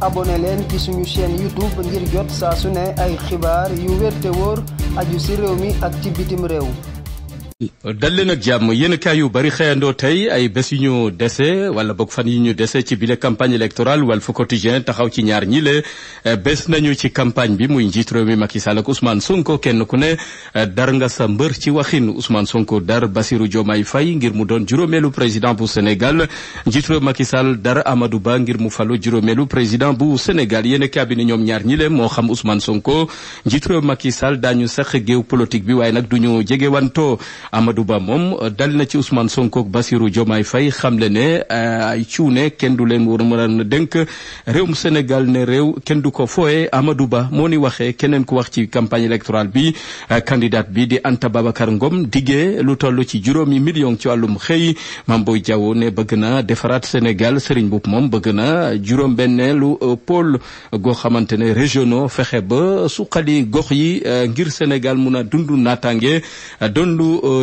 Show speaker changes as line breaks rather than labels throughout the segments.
abone leen ci suñu chaîne YouTube ngir jot saa su ne ay xibaar yu wér te wóor ci réew mi ak ci bitim réew dal leen ak jàmm yéen yu bari xëyandoo tey ay bés yu ñu dese wala boog fan yu ñu dese ci bile campagne électorale Walf Quotidien taxaw ci ñaar ñi le eh, bés nañu ci campagne bi muy njiit réew mi Macky Sall ak Ousmane Sonko kenn ku ne eh, dar nga sa mbër ci waxin Ousmane Sonko dar Bassirou Diomaye fay ngir mu doon juróomeelu président bu Sénégal njiit réew Macky Sall dar Amadou Ba ngir mu falu juróomeelu président bu Sénégal yéen kaay bi ni ñoom ñaar ñi le moo xam Ousmane Sonko njiit réew Macky Sall daañu sax géew politique bi waaye nag duñu jegewantoo Amadou Ba moom euh, dal na ci Ousmane Sonko ak Bassirou fay Faye xamle ne euh, ay cuune kenn du leen war na mën a dénk réewum Sénégal ne réew kenn du ko fooye amadu Ba moo ni waxee keneen ku wax ci campagne électorale bi euh, candidat bi di Anta Babacar Ngom diggee lu toll ci juróom juróomi million ci wàllum xëy Mame Boye Diao ne bëgg na defaraat Sénégal Serigne Mboup moom bëgg na juróom benneelu pôle goo xamante ne régionaux fexe ba suqali gox yi ngir Sénégal mun a dund naataange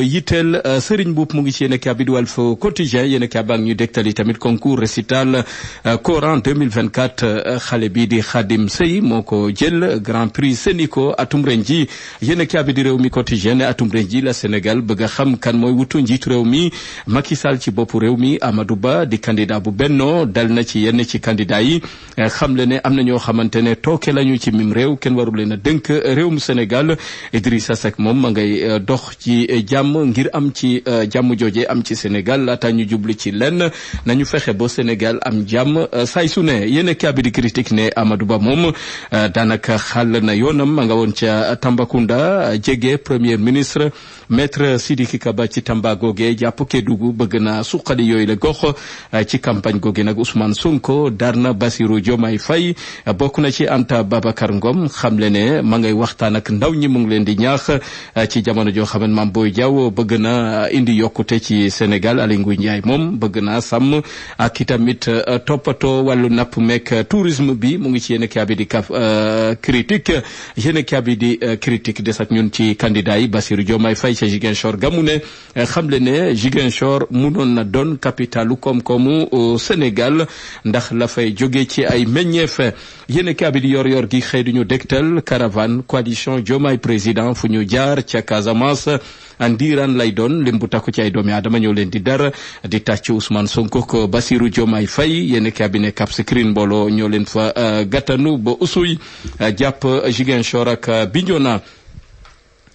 yitteel euh, Serigne Mboup mu ngi ci yéen a kii abid Walf Quotidien yéen a kii abaa ñu dégtali tamit concours récital euh, Coran 2024 euh, xale bi di Khadim Sey moo ko jël Grand Prix Senico atum ren ji yéen a kii réew mi Quotidien ne atum ren la Sénégal bëgg xam kan mooy wutu njiitu réew mi Macky Sall ci bopp réew mi Amadou Ba di candidat bu Benno dal na ci yenn ci candidat yi xam le ne am na ñoo xamante ne tooke lañu ci mim réew kenn waru leen a dënk réewum Sénégal Idrissa Seck moom ma ngay dox ci jàmm jàmm ngir am ci euh, jàmm jooje am ci Sénégal laata ñu jublu ci lenn ñu fexe ba Sénégal am jàmm euh, say su ne yéen kaabi di ne Amadou Ba moom euh, daanaka xàll na yoonam ma nga woon ca Tambacounda jege premier ministre maître Sidiki ba ci Tamba googe jàpp Kédougou bëgg na suqali yooyu la gox ci campagne googe nag Ousmane sunko dar na Bassirou Diomaye Faye bokk na ci Anta Babacar Ngom xamle ne ma waxtaan ak ndaw ñi mu ngi leen ci jamono joo xam ne Diaw bëgg na indi yokkute ci Sénégal Aly Ngouille Ndiaye moom bëgg naa sàmm ak itamit euh, toppatoo wàllu napp meeg tourisme bi mu ngi ci yéen a bi di kaf euh, critique yéen bi di euh, critique des ak ñun ci candidat yi Bassirou Diomaye Faye ca Ziguinchor gamu xam le ne Ziguinchor munoon na doon capitalu koom-koomu Sénégal ndax la fay ci ay meññeef yéen a bi yor yor gi xëy duñu dégtal caravane coalition Diomaye président fu ñu jaar ca Casamance ndiiraan lay doon lim bu takku ci ay doomi aadama ñoo leen di dara di tàcc Ousmane Sonko ko Basirou Diomaye Faye yéen cabinet Cap Skirring mbooloo ñoo leen fa euh, gàttanu ba usuy euh, jàpp Ziguinchor ak Bignona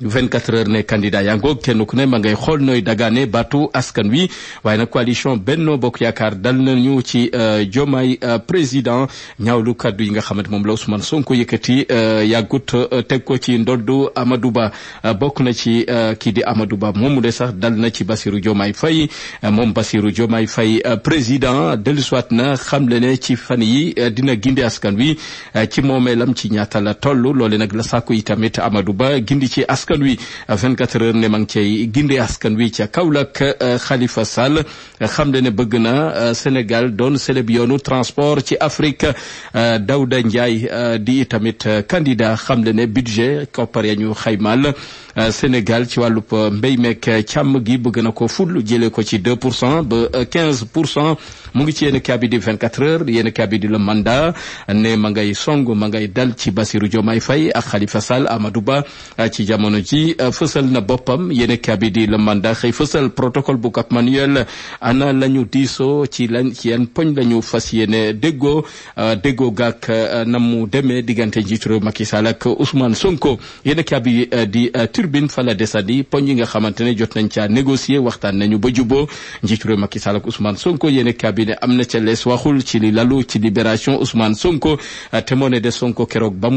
24 heures ne candidat yaa ngoog kenn ku ne ma ngay xool nooy dagaane baatu askan wi waaye nag coalition Benno Bokk Yaakaar dal na ñu ci euh, Diomaye euh, président ñaawlu kaddu yi nga xamante moom la Ousmane Sonko yëkkati euh, yàggut teg ko ci ndoddu Amadou Ba bokk na ci kii di Amadou Ba mu de sax dal na ci Bassirou Diomaye fay moom Bassirou Diomaye fay président dellusiwaat na xam xamle ne ci fan yi dina gindi askan wi ci lam ci ñaata la toll loole nag la saku yi tamit Amadou Ba gindi ci askan askan wi 24 heures ne ma ngi askan wi ca Kaolack euh, Khalifa Sall xam ne ne bëgg na euh, Sénégal doon célèbre yoonu transport ci Afrique euh, Daouda Ndiaye di tamit candidat xam ne ne budget koppar ya ñu xaymal Sénégal ci wàllub mbéy meek càmm gi bëgg na ko ful jëlee ko ci 2 pour cent ba 15 pour cent mu ngi ci yéen kabidi 24 heures yéen kabidi le mandat ne ma ngay song ma ngay dal ci Bassirou Diomaye fay ak Khalifa Sall Amadou ci jamono jamono ji euh, na boppam yéen kabi di le mandat xëy fësal protocole bu Cap Manuel ana la ñu ci lañ ci yan poñ la ñu fas yéene déggoo euh, déggoo gaak euh, na mu demee diggante njiitu réew Macky Sall ak Ousmane Sonko yéen kabi di turbine fa la desandi poñ yi nga xamante ne jot nañ caa négocier waxtaan nañu ba juboo njiitu réew Macky Sall ak Ousmane Sonko yéen kabi ne am na ca lees waxul ci li lalu ci libération Ousmane Sonko témoigné de Sonko keroog ba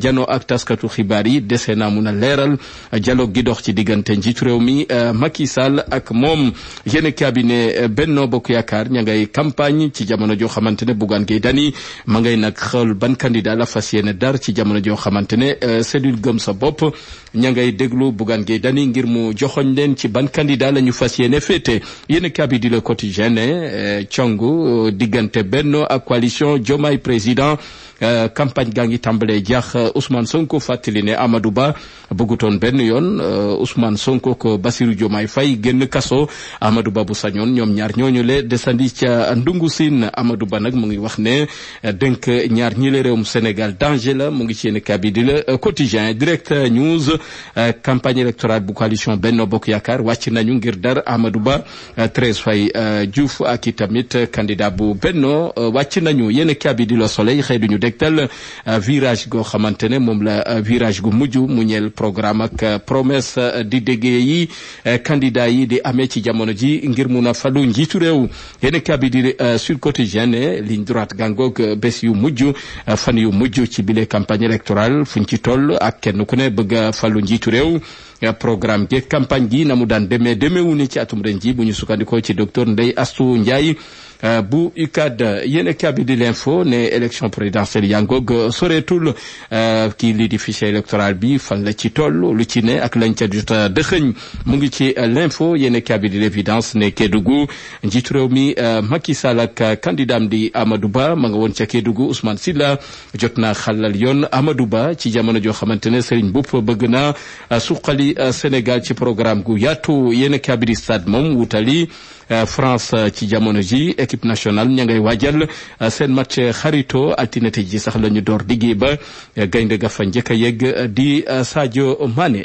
jano ak taskatu xibaar yi dese naa mun a leeral dialogue gi dox ci diggante njiitu réew mi euh, Macky Sall ak moom yéen cabinet euh, Benno Bokk Yaakaar ña ngay campagne ci jamono joo xamante ne Bougane Gueye Dany ma ngay nag xool ban candidat la fas yéene dar ci jamono joo xamante ne euh, cellule gëm sa bopp ña ngay déglu Bougane Gueye Dany ngir mu joxoñ leen ci ban candidat la ñu fas yéene féete yéen cabinet di Le Quotidien ne congu diggante Benno ak coalition Diomaye président campagne gaa ngi tàmbalee jaax Ousmane Sonko fàttali ne amadu Ba bëggutoon toon benn yoon euh, Ousmane Sonko ko Bassirou Diomaye Faye génn kaso Amadou Ba bu sañoon ñoom ñaar ñooñu le desandi ca Ndungu Sine Amadou nag mu ngi wax ne euh, dënk ñaar ñi le mu Sénégal danger la mu ngi ci yéen kabidi la euh, quotidien direct news campagne électorale bu coalition Benno Bokk Yaakaar wàcc nañu ngir dar Amadou Ba fay Faye Diouf ak i tamit candidat bu Benno wàcc nañu yenn kabidi la soleil xëy duñu dégtal virage goo xamante ne moom la virage gu mujj mu ñeel programme programme ak euh, promesse euh, di déggee yi euh, candidat yi di amee ci jamono ji ngir mun a falu njiitu réew yéen kabi di Sud Quotidien ne ligne droite gàngoog bés yu mujj fan yu mujj ci bile campagne électorale fuñ ci toll ak kenn ku ne bëgg a falu njiitu réew programme gi campagne gi na mu daan demee demeewu ni ci atum ren ji bu ñu sukkandikoo ci docteur Ndeye Astou Ndiaye Euh, bu UCAD yéen kabi di l'info ne élection présidentielle yaa ngoog euh, soreetul euh, kii lii di fichier électoral bi fan la ci toll lu ci ne ak lañ ca jot a dëxëñ mu ngi ci l'info yéen kabi di l'évidence ne Kédougou njiitu réew mi Macky Sall ak kandidam di Amadou Ba ma nga woon ca Kédougou Ousmane Sylla jot naa xalal yoon Amadou Ba ci jamono joo xamante ne Serigne Mboup bëgg naa suqali Sénégal ci programme gu yaatu yéen kabi stade moom wutali France ci jamono ji équipe national ña ngay waajal euh, seen match xarito altinati ji sax la ñu door liggéey ba euh, gaynde ga fa njëkk a yegg euh, di Sadio Mané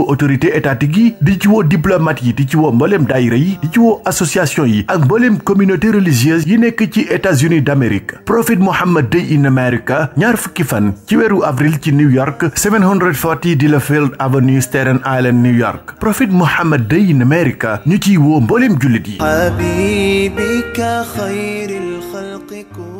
woo autorité étatique yi di ci woo diplomate yi di ci woo mbooleem daayira yi di ci nekk ci États-Unis d'Amérique Prophet Muhammad Day in America ñaar fukki fan ci weeru avril ci New York 740 Delafield Avenue Island New York Prophet Muhammad Day in America ñu ciy woo mbooleem jullit yi